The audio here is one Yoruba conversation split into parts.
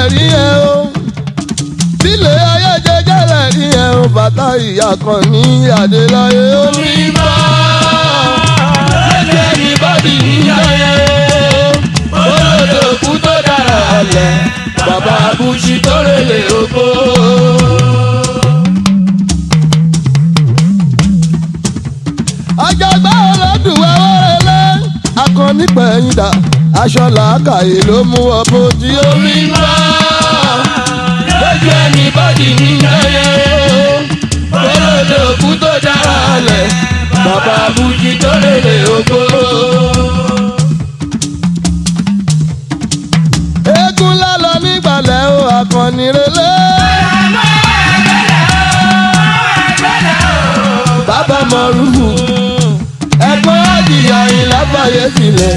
jẹ́rẹ̀ rí ẹ o bílẹ̀ ayé jẹ́ jẹ́rẹ̀ rí ẹ o bàtà ìyá kan ní Adéláyé omi bá lẹ́lẹ̀ ní bọ́dì níyàyé olódò kú tó dára alẹ̀ bàbá àbújí tó rèlè oko. àjàgbá ọlọ́dún ẹwọ́ ẹlẹ́ akọni pẹ̀yìndà aṣọ làákàyè ló mú ọ bójú omi máa do anybody nínú ayé olódò kú tó dára lẹ̀ bàbá Bùjí tó lèlè ògo. eégún lálọ nígbàlẹ̀ o àkànní relé. bàbá mọ̀rúfù ẹ̀gbọ́n àdìyà yìí lábàáyé sílẹ̀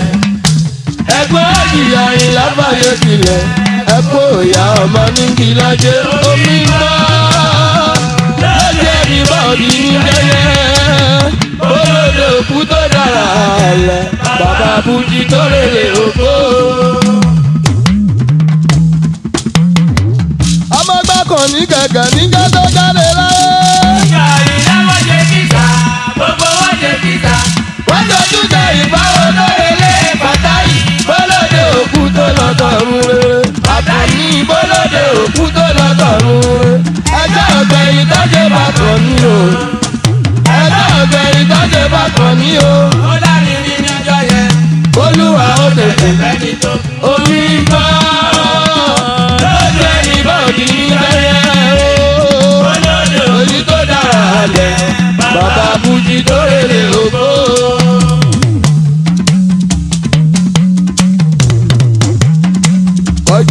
ẹ̀gbọ́n àdìyà yìí sílẹ̀ kó ìyá ọmọ ní kí lọ́jẹ́ omi náà lọ́jẹ́ ìbá òdì ní jẹ́yẹ́ olódò òkú tó dára lẹ̀ bàbá bùjì tó lélẹ̀ òkú. ọmọ gbàkàn ní gàgà níjọ́ tó jáde láyé.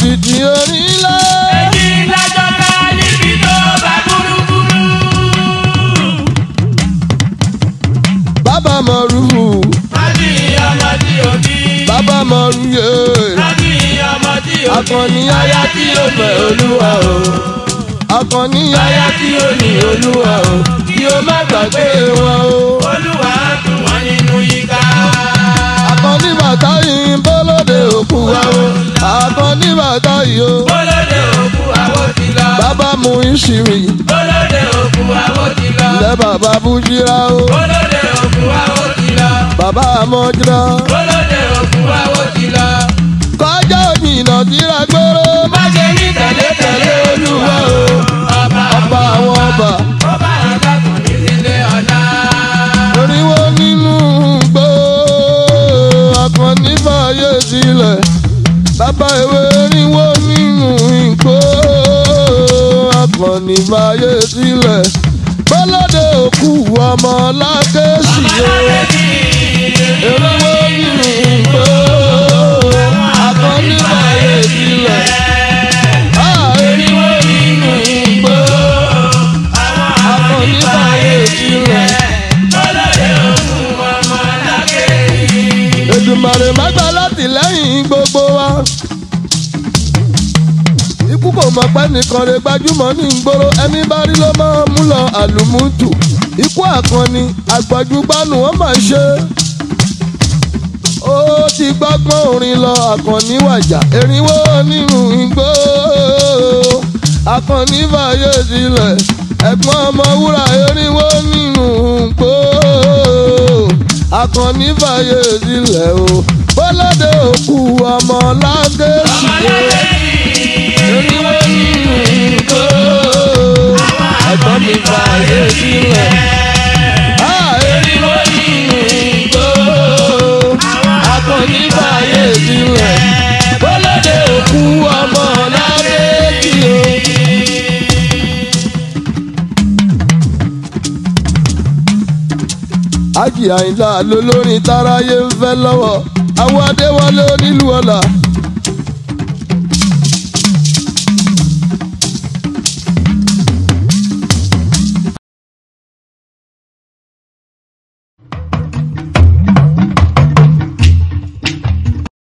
ti di orílẹ̀. ẹ̀jìn lájọ́ ká níbi tó bá burúkúrú. bàbá mọ̀rú. láti ọmọ tí o bí. bàbá mọ̀rú yé. láti ọmọ tí o bí. akọni aya tí o fẹ́ olúwa o. akọni aya tí o ní olúwa. mú ìṣìrì. olóde òkú àwọn ti lọ. ǹjẹ́ bàbá bújírá o. olóde òkú àwọn ti lọ. bàbá àmọ́jírá. olóde òkú àwọn ti lọ. kọjá òní ìnà síra gbóró. má ṣe ní tẹ̀lé tẹ̀lé olúwa o. ọba àwọn ọba. ọba àgbà kò ní sílé ọ̀la. oríwó kan ní báyé sílẹ̀ bọ́lọ́dẹ òkú ọmọ lákèsí ọmọ lákèsí. mọ̀ pé nìkan rẹ̀ gbajúmọ̀ ní ìgboro ẹni bá rí ló máa mú lọ àlùmùtù ikú àkànni àgbọ̀júgbánu wọ́n máa ṣe. ó ti gbọ́gbọ́n orin lọ àkànni wàjà erinwó nínú igbó àkànni fàyè sílẹ̀ ẹ̀gbọ́n ọmọ wúrà erinwó nínú igbó àkànni fàyè sílẹ̀ o bọ́ládé òkú ọmọ lágé ṣùgbọ́n lórí wọn ní ìrìnkó ẹ̀gbọ́n mi fa ayé sílẹ̀. lórí wọn ní ìrìnkó akọni fa ayé sílẹ̀. bọ́lọ́dẹ òkú ọmọ o. ájì àyìnlá lolórin táráyé ń fẹ́ lọ́wọ́ àwọn adéwálé onílù ọ̀la.